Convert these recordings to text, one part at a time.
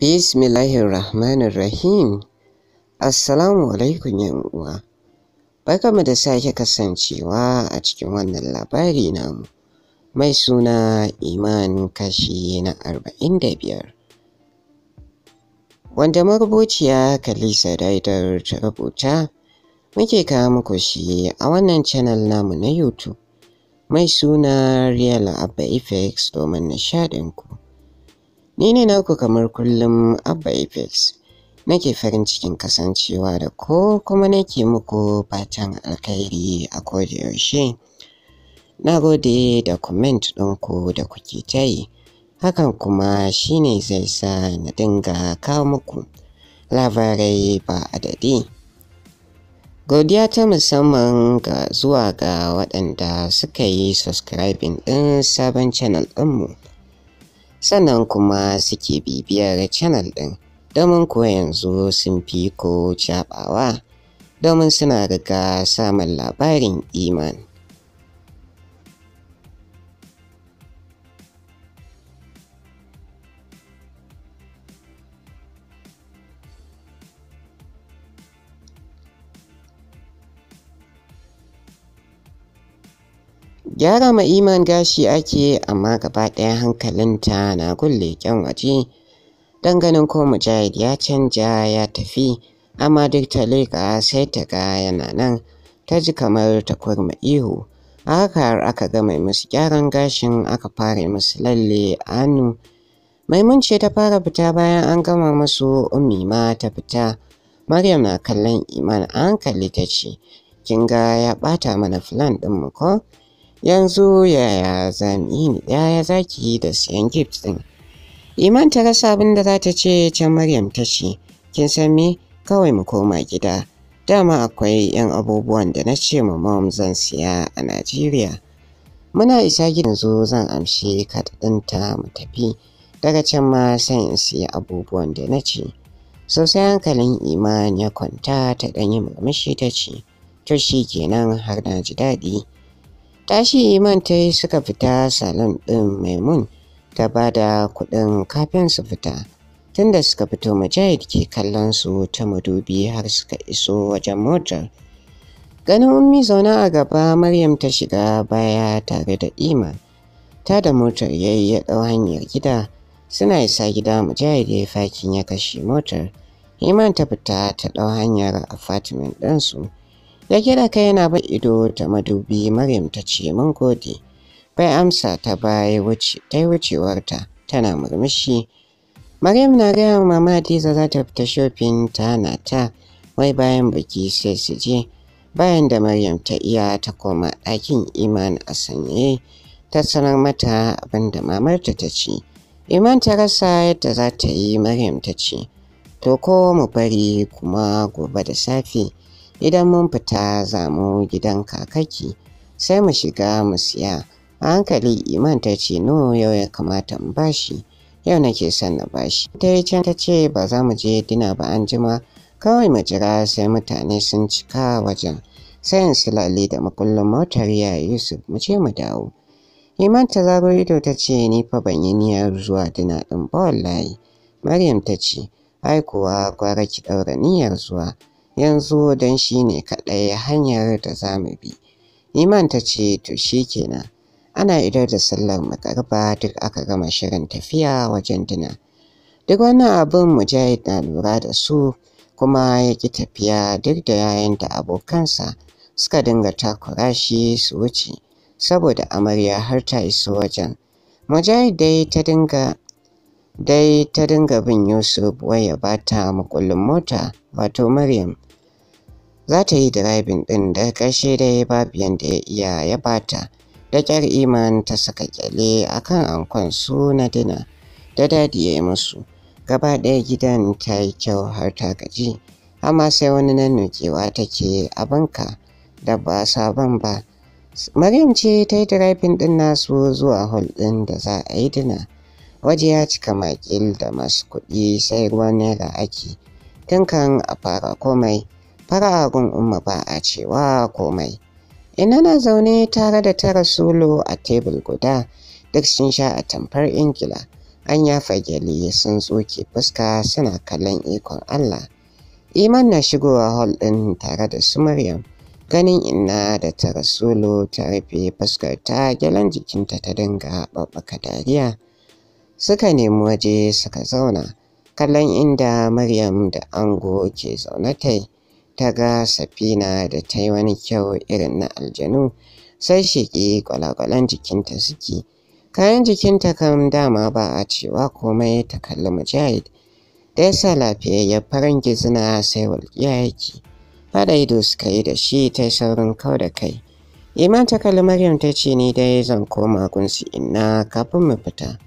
Bismillahirrahmanirrahim. Assalamu alaikum uwa. Barkamu da sake kasancewa a cikin wannan labari namu. Mai suna Iman kashi na biyar. Wanda marubuciya Kalisa Daidar ta rubuta muke kawo muku shi a wannan channel namu na YouTube. Mai suna Real Abba Effects domin nishadinku. Ni ne naku kamar kullum Abba Apex. Nake farin cikin kasancewa da ko kuma nake muku fatan alkhairi a koda yaushe. Na gode da comment ɗinku da kuke ta yi. Hakan kuma shine zai sa na dinga kawo muku labarai ba adadi. Godiya ta musamman ga zuwa ga waɗanda suka yi subscribing ɗin sabon channel ɗinmu. sannan kuma suke bibiyar channel ɗin domin kuwa yanzu sun fi ko caɓawa domin suna riga samun labarin iman. gyara ma iman gashi ake amma gaba ɗaya hankalinta na kulle kyan waje ganin ko mujahid ya canja ya tafi amma duk ta leƙa sai ta ga yana nan ta ji kamar ta kurma ihu a haka har aka gama musu gyaran gashin aka fara musu lalle a hannu maimun ce ta fara fita bayan an gama masu ummi ma ta fita maryam na kallon iman a hankali ta ce kin ga ya ɓata mana fulan ɗin mu ko yanzu yaya zan yi yaya za yi da siyan gift ɗin iman ta rasa abin da za ta ce can maryam ta ce kin san me kawai mu koma gida dama akwai 'yan abubuwan da na ce ma mom zan siya a najeriya muna isa gidan zo zan amshi ɗinta mu tafi daga can ma sai in siya abubuwan da na ce sosai hankalin iman ya kwanta ta ɗanyi murmushi ta ce to shi kenan har na ji daɗi tashi iman ta yi suka fita salon ɗin maimun ta ba da kuɗin kafin su fita tunda suka fito mujahid ke kallon su ta madubi har suka iso wajen motar ganin ummi zauna a gaba maryam ta shiga baya tare da ima, ta da motar ya yi ya ɗau hanyar gida suna isa gida mujahid ya yi fakin ya kashe motar iman ta fita ta ɗau hanyar apartment ɗinsu. su Da gida kai yana ba ido ta madubi Maryam ta ce mun gode. Bai amsa ta baya wuce ta yi wucewarta tana murmushi. Maryam na gaya wa mama Hadiza za ta fita shopping ta na ta wai bayan biki sai su je. Bayan da Maryam ta iya ta koma ɗakin Iman a sanye ta sanar mata abin da mamarta ta ce. Iman ta rasa yadda za ta yi Maryam ta ce, To ko mu bari kuma gobe da safe. Idan mun fita za mu gidan kakaki sai mu shiga mu siya. A hankali Iman ta ce no yau ya kamata in bashi. Yau nake son na bashi. Ta yi can ta ce ba za mu je dina ba an jima kawai mu jira sai mutane sun cika wajen. Sai in silale da makullin motar ya Yusuf mu ce mu dawo. Iman ta zaro ido ta ce ni fa ban yi niyyar zuwa dina ɗin ba wallahi. Maryam ta ce ai kuwa gwara ki ɗaura niyyar zuwa. yanzu don shi ne kaɗai hanyar da za mu bi. Iman ta ce to shi kenan. Ana idar da sallar makarba duk aka gama shirin tafiya wajen dina. Duk wani abin Mujahid na lura da su kuma ya ƙi tafiya duk da yayin da abokansa suka dinga takura shi su wuce saboda amarya har ta iso wajen. Mujahid dai ta dinga dai ta dinga bin Yusuf wai ya ta mukullin mota wato Maryam za ta yi direbin ɗin da ƙarshe da ya babu yadda ya iya ya bata da ƙyar iman ta saka ƙyale a kan ankon su na dina da dadi ya yi musu gaba ɗaya gidan ta yi kyau har ta gaji amma sai wani nan nukewa take a banka da ba sabon ba maryam ce ta yi direbin ɗin nasu zuwa hol ɗin da za a yi dina waje ya cika makil da masu kuɗi sai ruwan naira ake tunkan a fara komai gun umma ba a cewa komai ina na zaune tare da tara solo a tebul guda duk sun sha a tamfar ingila an ya fageli sun tsoke fuska suna kallon ikon allah iman na shigowa hall ɗin tare da su maryam ganin ina da tara solo ta rufe fuskar ta gyalan jikinta ta dinga ɓaɓɓaka dariya suka nemi waje suka zauna kallon inda Maryam da ango ke zaune yi. ta ga safina da ta yi wani kyau irin na aljanu sai sheƙi kwalakwalan jikinta suke kayan jikinta kam dama ba a cewa komai ta kalli mujahid da ya sa ya farin gizina sai walƙiya yake fada ido suka yi da shi ta saurin kau da kai iman ta kalli maryam ta ce ni dai zan koma gunsi inna kafin mu fita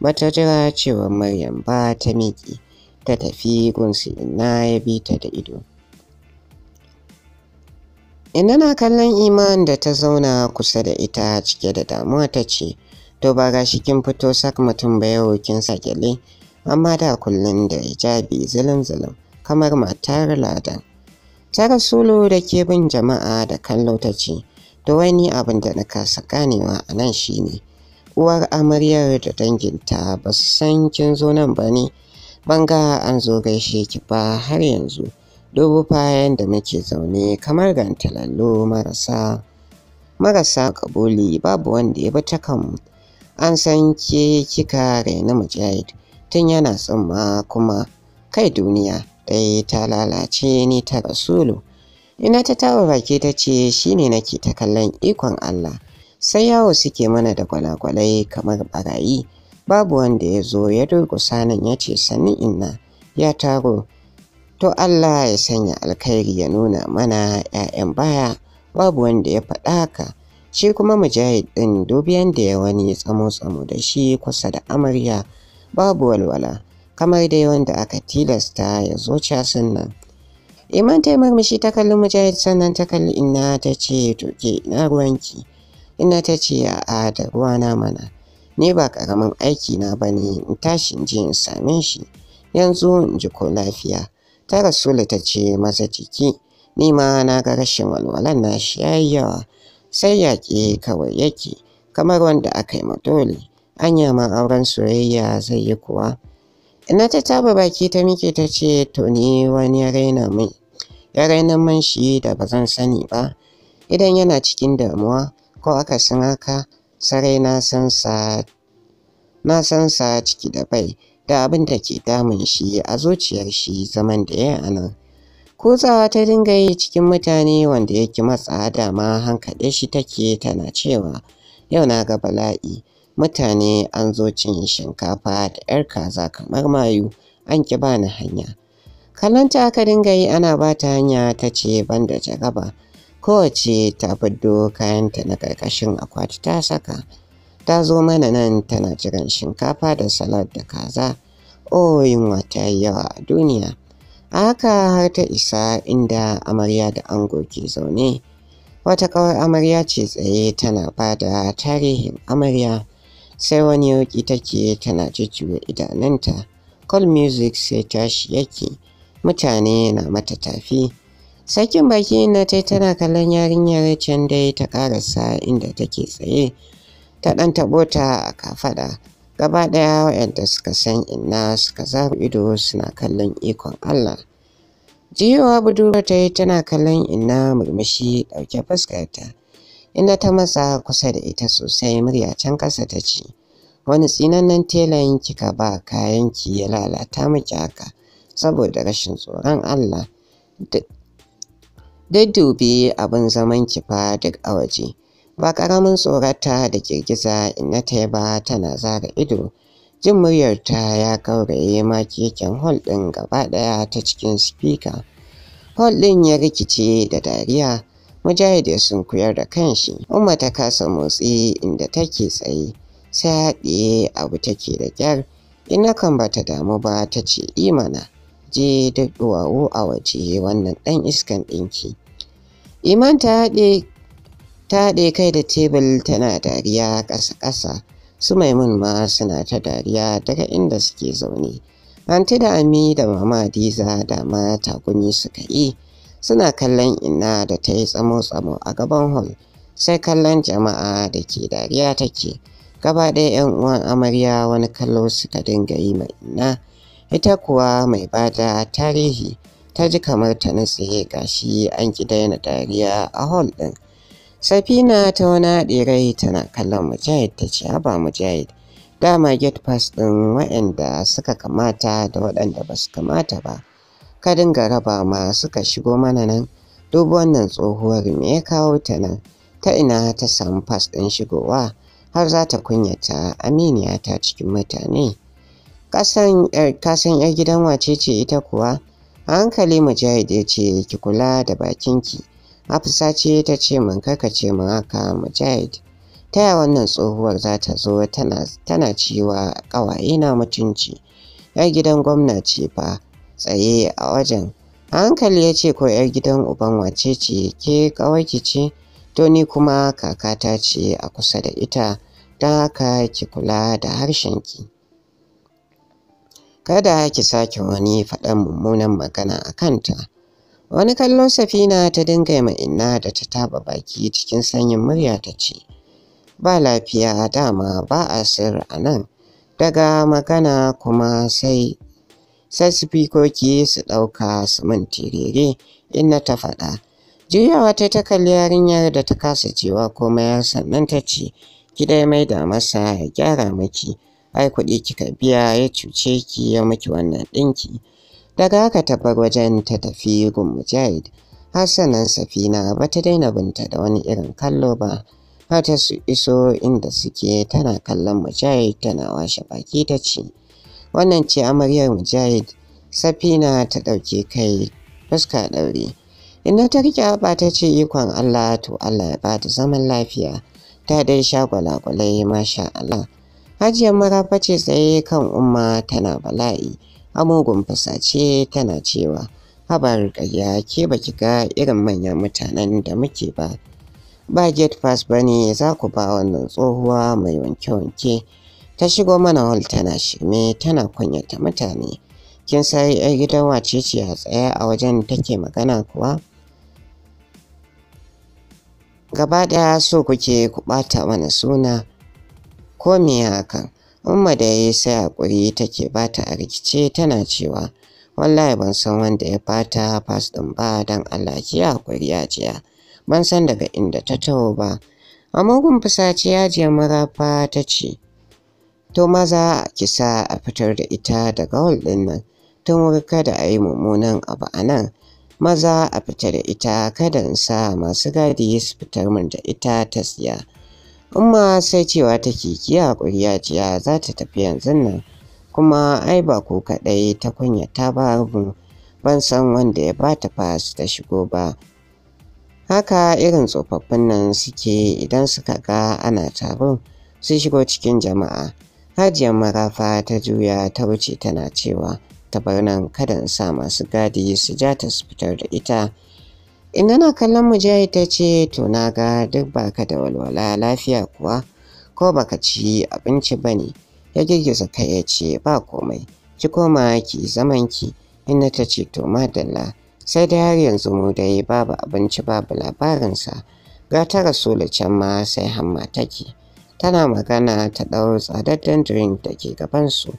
bata jira cewa maryam ba ta miƙe ta tafi gunsu inna ya bi ta da ido Inda na kallon Iman da ta zauna kusa da ita cike da damuwa ta ce, To ba ga shi kin fito sak mutum ba yau kin sa gyale, amma da kullum da hijabi zulum-zulum kamar matar ladan. Ta rasulu da ke bin jama'a da kallo ta ce, To wani abin da na kasa ganewa a nan shi ne, uwar amaryar da danginta ba su san kin zo nan ba ne, ban ga an zo gaishe ki ba har yanzu. dubu fayan da muke zaune kamar gantalallo marasa marasa kabuli babu wanda ya bi ta an san ke kika raina mujahid tun yana tsumma kuma kai duniya ɗaya ta lalace ni ta rasulu ina ta tawa baki ta ce shine nake ta kallon ikon Allah sai yawo suke mana da gwalagwalai kamar barayi babu wanda ya zo ya durƙusa nan ya ce sanni inna ya taro to Allah ya sanya alkhairi ya nuna mana 'ya'yan baya babu wanda ya faɗa ka shi kuma mujahid ɗin dubiyan da ya wani tsamo-tsamo da shi kusa da amarya babu walwala kamar dai wanda aka tilasta ya zo casin nan iman ta murmushi ta kalli mujahid sannan ta kalli ina ta ce toke na ruwanki ina ta ce a da na mana ni ba karamin aiki na bane in tashi in je in same shi yanzu in ji ko lafiya ta rasula ta ce masa jiki ni ma na ga rashin walwalan na shi yawa sai yaƙi kawai yake kamar wanda aka yi matoli anya ma auren soyayya zai yi kuwa ina ta taba baki ta mike ta ce to ni wani ya raina min ya shi da ba zan sani ba idan yana cikin damuwa ko aka san haka sarai na san sa ciki da bai da abin da ke damun shi a zuciyar shi zaman da ya a nan. ta dinga yi cikin mutane wanda yake matsa dama hankaɗe shi take tana cewa yau na ga bala'i mutane an zo cin shinkafa da 'yar kaza kamar mayu an ki bani hanya. Kallonta aka dinga yi ana ba ta hanya ta ce ban banda jaraba kowace ta fiddo kayanta na ƙarƙashin akwati ta saka. ta zo mana nan tana jiran shinkafa da salad da kaza o oh, yunwa ta yi yawa a duniya a haka har ta isa inda amarya da ango ke zaune wata kawai amarya ce tsaye tana ba da tarihin amarya sai wani yauki take tana jujjuya idananta call music sai tashi yake mutane na mata tafi sakin baki na tai tana kallon yarinyar can dai ta karasa inda take tsaye ta ɗan taɓo ta a kafaɗa gaba ɗaya wayanda suka san inna suka zama ido suna kallon ikon Allah. Jiyowa budurwa ta yi tana kallon inna murmushi ɗauke fuskarta, inda ta matsa kusa da ita sosai murya can ƙasa ta ce, wani tsinannen telan kika ba kayan ki ya lalata miki haka saboda rashin tsoron Allah. dubi abin zaman ki fa duk a waje. ba ƙaramin tsorata da girgiza na ta ba tana zara ido jin muryarta ya kauraye keken hall ɗin gaba ɗaya ta cikin spika hall ɗin ya rikice da dariya mujahid ya kuyar da kanshi umma ta kasa motsi inda take tsaye sai haɗiye abu take da kyar ina kan bata damu ba ta ce imana je da duwawo a waje wannan ɗan iskan ɗinki iman ta haɗe ta haɗe kai da tebul tana dariya ƙasa-ƙasa su maimun ma suna ta dariya daga inda suke zaune anti da ami da mama diza da ma takuni suka yi suna kallon ina da ta yi tsamo-tsamo a gaban hall sai kallon jama'a da ke dariya take gaba ɗaya 'yan uwan amarya wani kallo suka dinga yi ma ina ita kuwa mai bada tarihi ta ji kamar ta nutse gashi an ki daina dariya a hall ɗin Safina ta wani haɗe rai tana kallon Mujahid ta ce haba Mujahid dama get pass ɗin waɗanda suka kamata da waɗanda ba su kamata ba. Ka dinga raba ma suka shigo mana nan dubu wannan tsohuwar me ya kawo ta nan ta ina ta samu pass ɗin shigowa har za ta kunyata aminiya ta cikin mutane. Kasan 'yar gidan wace ce ita kuwa? A hankali Mujahid ya ce ki kula da bakinki. ki. Hafsa ce ta ce min kaka ce min haka Mujahid. Ta yaya wannan tsohuwar za ta zo tana cewa ƙawaye na mutunci. ‘Yar gidan gwamna ce fa tsaye a wajen. hankali ya ce ko ‘yar gidan uban wace ce ke ƙawarki ce? To ni kuma kakata ce a kusa da ita don haka ki kula da harshen ki. Kada ki sake wani faɗan mummunan magana a kanta. Wani kallon safina ta dinga ma inna da ta taba baki cikin sanyin murya ta ce, Ba lafiya dama ba a sir a nan, daga magana kuma sai sai su ɗauka su mintirere inna ta faɗa. Juyawa ta ta kalli yarinyar da ta kasa cewa komai sannan ta ce, Ki dai mai da masa ya gyara miki, ai kuɗi kika biya ya cuce ki ya miki wannan ɗinki. daga haka ta bar wajen ta tafi gun mujahid har sannan safina ba ta daina binta da wani irin kallo ba har ta su iso inda suke tana kallon mujahid tana washe baki ta ce wannan ce amaryar mujahid safina ta ɗauke kai fuska ɗauri. inda ta rike ba ta ce ikon allah to allah ya ba ta zaman lafiya ta dai sha gwalagwalai masha allah hajiyar marafa ce tsaye kan umma tana bala'i a mugun fasace tana cewa habar ƙarya ke baki ga irin manyan mutanen da muke ba ba get fast ba ne za ku ba wannan tsohuwa mai wanke-wanke ta shigo mana hall tana shirme tana kunyata mutane kin sai yar gidan wace ce a tsaye a wajen take magana kuwa gaba ɗaya so kuke ku ɓata mana suna ko me hakan Umma da yayi sai hakuri take bata a rikice tana cewa wallahi ban san wanda ya bata fas ɗin ba dan Allah ki hakuri ajiya ban san daga inda ta taho ba a mugun fusace ajiya marafa ta ce to maza ki sa a fitar da ita daga hol din nan tun wuri kada a yi mummunan abu a nan maza a fitar da ita kada in sa masu gadi su fitar min da ita ta siya Umma sai cewa take ki haƙuri ya za ta tafi yanzu nan kuma ai ba ku kaɗai ta kunyata ba ban san wanda ya ba ta fas ta shigo ba. Haka irin tsofaffin nan suke idan suka ga ana taron su shigo cikin jama'a. Hajiyar marafa ta juya ta wuce tana cewa ta bar nan kada in sa masu gadi su ja ta su fitar da ita. Ina na kallon Mujahid ta ce to na ga duk baka da walwala lafiya kuwa ko baka ci abinci ba ne. Ya girgiza kai ya ce ba komai ki koma ki zaman ki inda ta ce to madalla sai da har yanzu mu dai babu abinci babu labarinsa ga ta da can ma sai hamma take. Tana magana ta ɗau tsadaddan drink da ke gabansu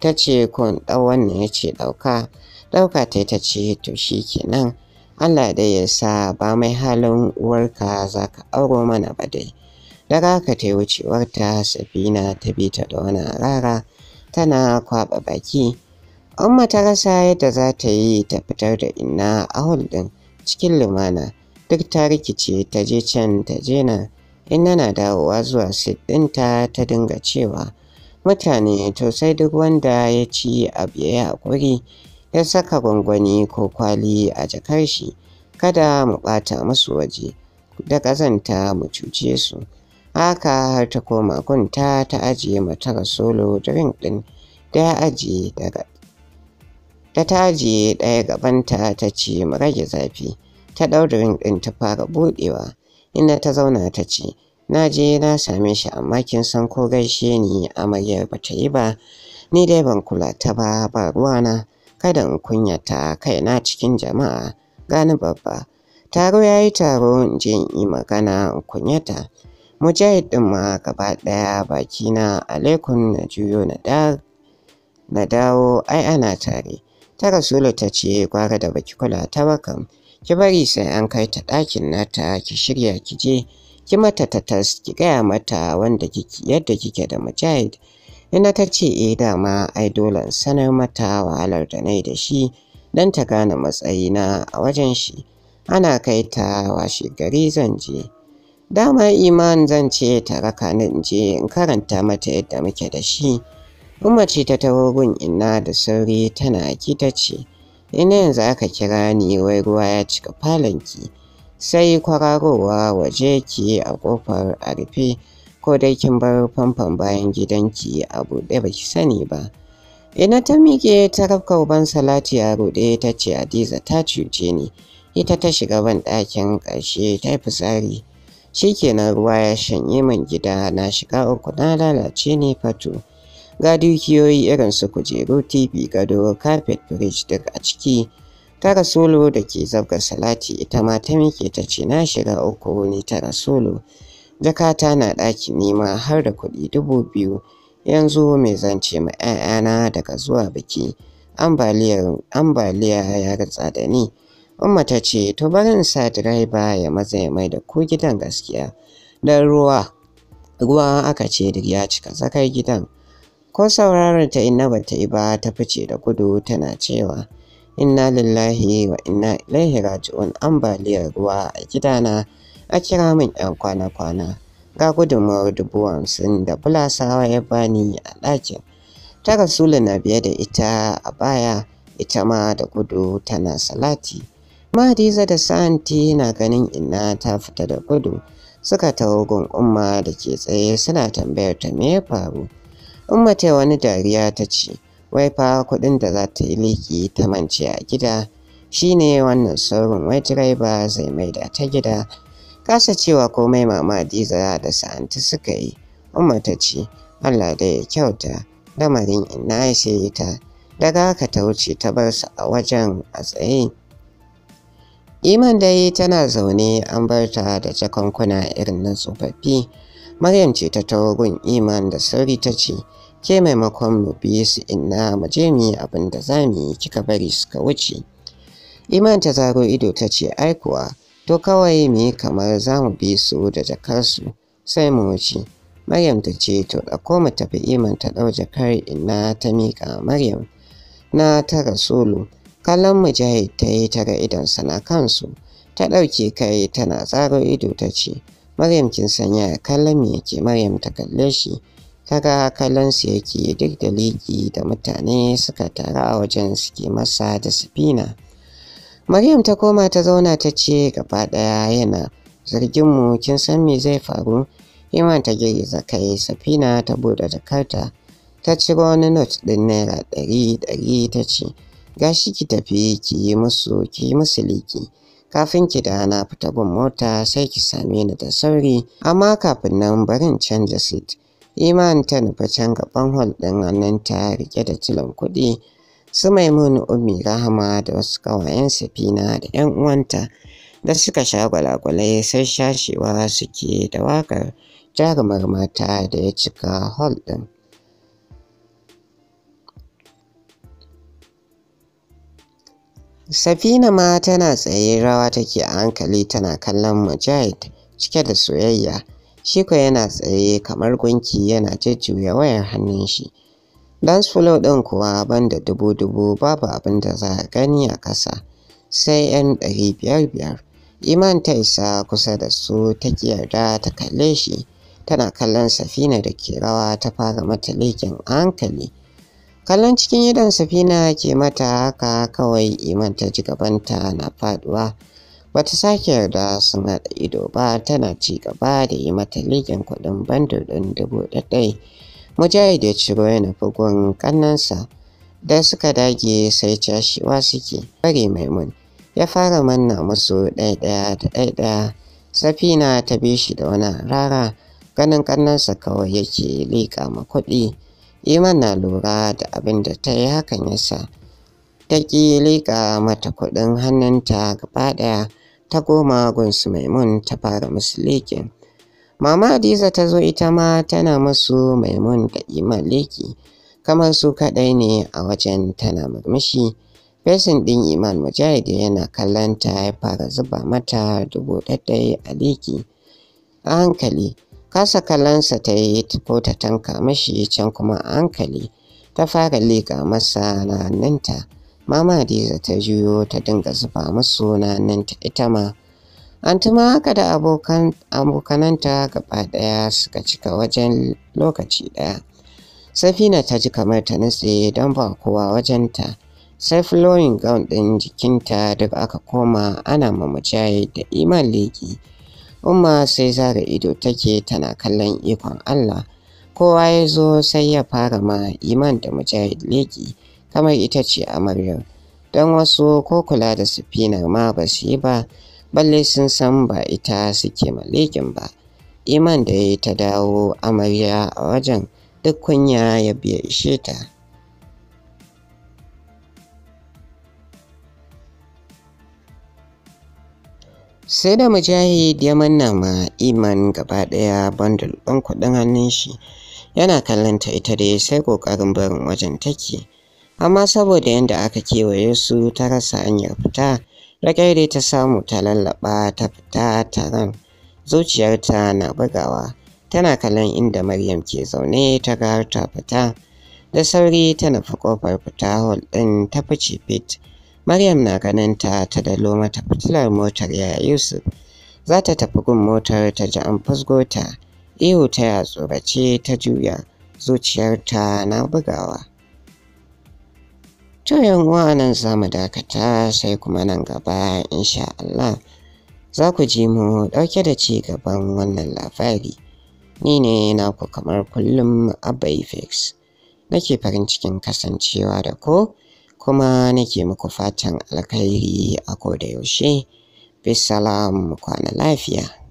ta ce in ɗau wannan ya ce ɗauka ɗauka ta ta ce to shi kenan. Allah dai ya sa ba mai halin uwarka za ka auro mana ba dai. Daga ka ta wucewarta Safina ta bi ta da wani rara tana kwaɓa baki. Umma ta rasa yadda za ta yi ta fitar da ina a ɗin cikin lumana duk ta rikice ta je can ta je na In na dawowa zuwa siddinta ta dinga cewa mutane to sai duk wanda ya ci abu ya yi haƙuri ya saka gwangwani ko kwali a jakar shi kada mu ɓata musu waje da ƙazanta mu cuce su haka har ta koma kunta ta ajiye mata solo drink ɗin da ya ajiye daga ta ta ajiye ɗaya gabanta ta ce mu rage zafi ta ɗau drink ɗin ta fara buɗewa inda ta zauna ta ce na je na same shi amma kin san ko gaishe ni amaryar ba ta yi ba ni dai ban kula ta ba ba ruwana kada in kunyata kaina cikin jama'a gani babba taro ya yi taro in in yi magana in kunyata mujahid ɗin ma gaba ɗaya bakina alaikun na juyo na dawo ai ana tare ta rasulu ta ce gwara da baki kula ta bakan ki bari sai an kai ta ɗakin nata ki shirya ki je ki mata ta tatas ki gaya mata wanda kiki yadda kike da mujahid Ina ta ce eh dama ai dole sanar mata wahalar da nai da shi don ta gane matsayina a wajen shi. Ana kai ta washe gari zan je. Dama iman zan ce ta raka ni in je in karanta mata yadda muke da shi. Umarci ce ta tawagun gun inna da sauri tana ki ta ce, Ina yanzu aka kira ni wai ruwa ya cika falonki. sai kwararowa waje ki a kofar a rufe ko dai kin bar famfon bayan gidanki a buɗe ba ki sani ba. Ina ta miƙe ta rafka uban salati a ruɗe ta ce Hadiza ta cuce ni. Ita ta shiga ban ɗakin ƙarshe ta yi fitsari. Shikenan ruwa ya shanye min gida na shiga uku na lalace ne fato. Ga dukiyoyi irin su kujeru, TV, gado, carpet, fridge duk a ciki. Ta rasulu da ke zabga salati ita ma ta miƙe ta ce na shiga uku ne ta solo. jakata na ɗaki nema har da kuɗi dubu biyu yanzu mai zance ma 'ya'yana daga zuwa biki ambaliya ya ritsa da ni umma ta ce to barin sa direba ya maza ya mai da ku gidan gaskiya dan ruwa ruwa aka ce duk ya cika sakar gidan ko sauraron ta inna bata yi ba ta fice da gudu tana cewa inna lillahi wa inna ilaihi raji'un ambaliyar ruwa a gidana a kira min yan kwana-kwana ga gudunmawar dubu hamsin da bulasawa ya bani a ɗakin ta rasulu na biye da ita a baya ita ma da gudu tana salati mahadiza da santi na ganin ina ta fita da gudu suka taho umma da ke tsaye suna tambayar ta me ya faru umma ta wani dariya ta ce wai fa kuɗin da za ta yi liki ta mance a gida shine wannan saurin wai direba zai maida ta gida Kasa cewa komai mama Hadiza da sa'anta suka yi, Umma ta ce, Allah da ya kyauta, lamarin ina ya sai ta, daga haka ta wuce ta bar su a wajen a tsaye. Iman dai tana zaune an bar ta da jakankuna irin na tsofaffi. Maryam ce ta tawagun Iman da sauri ta ce, Ke maimakon mu biye su inna mu je mu yi abin da za mu yi kika bari suka wuce. Iman ta zaro ido ta ce, Ai to kawai mu kamar za mu bi su da jakarsu sai mu wuce. Maryam ta ce to da mu tafi iman ta ɗau jakar ina ta miƙa Maryam na ta rasulu kallon mujahid ta yi ta ga idonsa na kansu ta ɗauke kai tana tsaro ido ta ce Maryam kin sanya kallon me yake Maryam ta kalle shi ta ga kallon su yake duk da ligi da mutane suka taru a wajen suke masa da sifina. Maryam ta koma ta zauna ta ce gaba ɗaya yana zargin mu kin san me zai faru Iman ta girgiza kai safina ta buɗe jakarta ta ci wani not ɗin naira ɗari ɗari ta ce gashi ki tafi ki yi musu ki yi musu liki kafin ki da na fita gun mota sai ki same ni da sauri amma kafin nan barin canja seat Iman ta nufa can gaban hol ɗin ta rike da tilon kuɗi su Maimunu, ummi rahama da wasu kawayen safina da 'yan uwanta da suka sha gwalagwalai sai shashewa suke da wakar jarumar mata da ya cika hall ɗin. Safina ma tana tsaye rawa take a hankali tana kallon Mujahid cike da soyayya. Shiko yana tsaye kamar gunki yana jujjuya wayar hannun shi. dance floor ɗin kuwa banda dubu-dubu babu abin da za a gani a ƙasa sai 'yan ɗari biyar-biyar iman ta isa kusa da su ta yarda ta kalle shi tana kallon safina da ke rawa ta fara mata leƙen hankali kallon cikin idan safina ke mata haka kawai iman ta ji gabanta na faduwa bata sake yarda sun haɗa ido ba tana ci gaba da yi mata leƙen kuɗin bandar ɗin dubu ɗaɗɗai Mujahid ya ciro yana bugun ƙannansa da suka dage sai cashewa suke bari maimun ya fara manna musu ɗaiɗaya da ɗaiɗaya safina ta bi shi da wani rara ganin ƙannansa kawai yake liƙa ma kuɗi iman na lura da abin da ta yi hakan yasa ta ƙi liƙa mata kuɗin hannunta gaba ɗaya ta goma gunsu maimun ta fara musu liƙin Mama Hadiza ta zo ita ma tana musu maimun da imaliki kamar su kaɗai ne a wajen tana murmushi. Fesin ɗin Iman Mujahid yana kallon ta ya fara zuba mata dubu ɗaɗɗai a liki. A hankali, kasa kallonsa ta yi ko ta tanka mashi can kuma a hankali ta fara liƙa masa na hannunta. Mama Hadiza ta juyo ta dinga zuba musu hannunta ita ma. An tuma haka da abokananta gaba ɗaya suka cika wajen lokaci ɗaya. Safina ta ji kamar ta nutse don ba kowa wajenta. Sai flowing gown ɗin jikinta duk aka koma ana mamajaye da iman leki. Umma sai zara ido take tana kallon ikon Allah. Kowa ya zo sai ya fara ma iman da mujahid leki kamar ita ce amaryar. Don wasu ko kula da sufinar ma ba su yi ba. balle sun san ba ita suke malikin ba iman da ya ta dawo amarya a wajen duk kunya ya biya ishe ta sai da mujahid ya manna ma iman gaba ɗaya bandul ɗin kuɗin hannun shi yana kallon ta ita dai sai ƙoƙarin barin wajen take amma saboda yadda aka kewaye su ta rasa hanyar fita Raƙai dai ta samu ta lallaɓa ta fita taron. Zuciyarta na bugawa, tana kallon inda Maryam ke zaune ta ga ta fita. Da sauri ta nufi ƙofar fita hol ɗin ta fice fit. Maryam na ganin ta ta dalo mata fitilar motar ya Yusuf. Za ta tafi gun motar ta ji an fusgo ta. Ihu ta ya tsorace ta juya, zuciyarta na bugawa. To yanwa nan za mu dakata sai kuma nan gaba insha Allah za ku ji mu ɗauke da ci gaban wannan labari. Ni ne naku kamar kullum Abai Fix. Nake farin cikin kasancewa da ko kuma nake muku fatan alkhairi a koda yaushe. Bisalam kwana lafiya.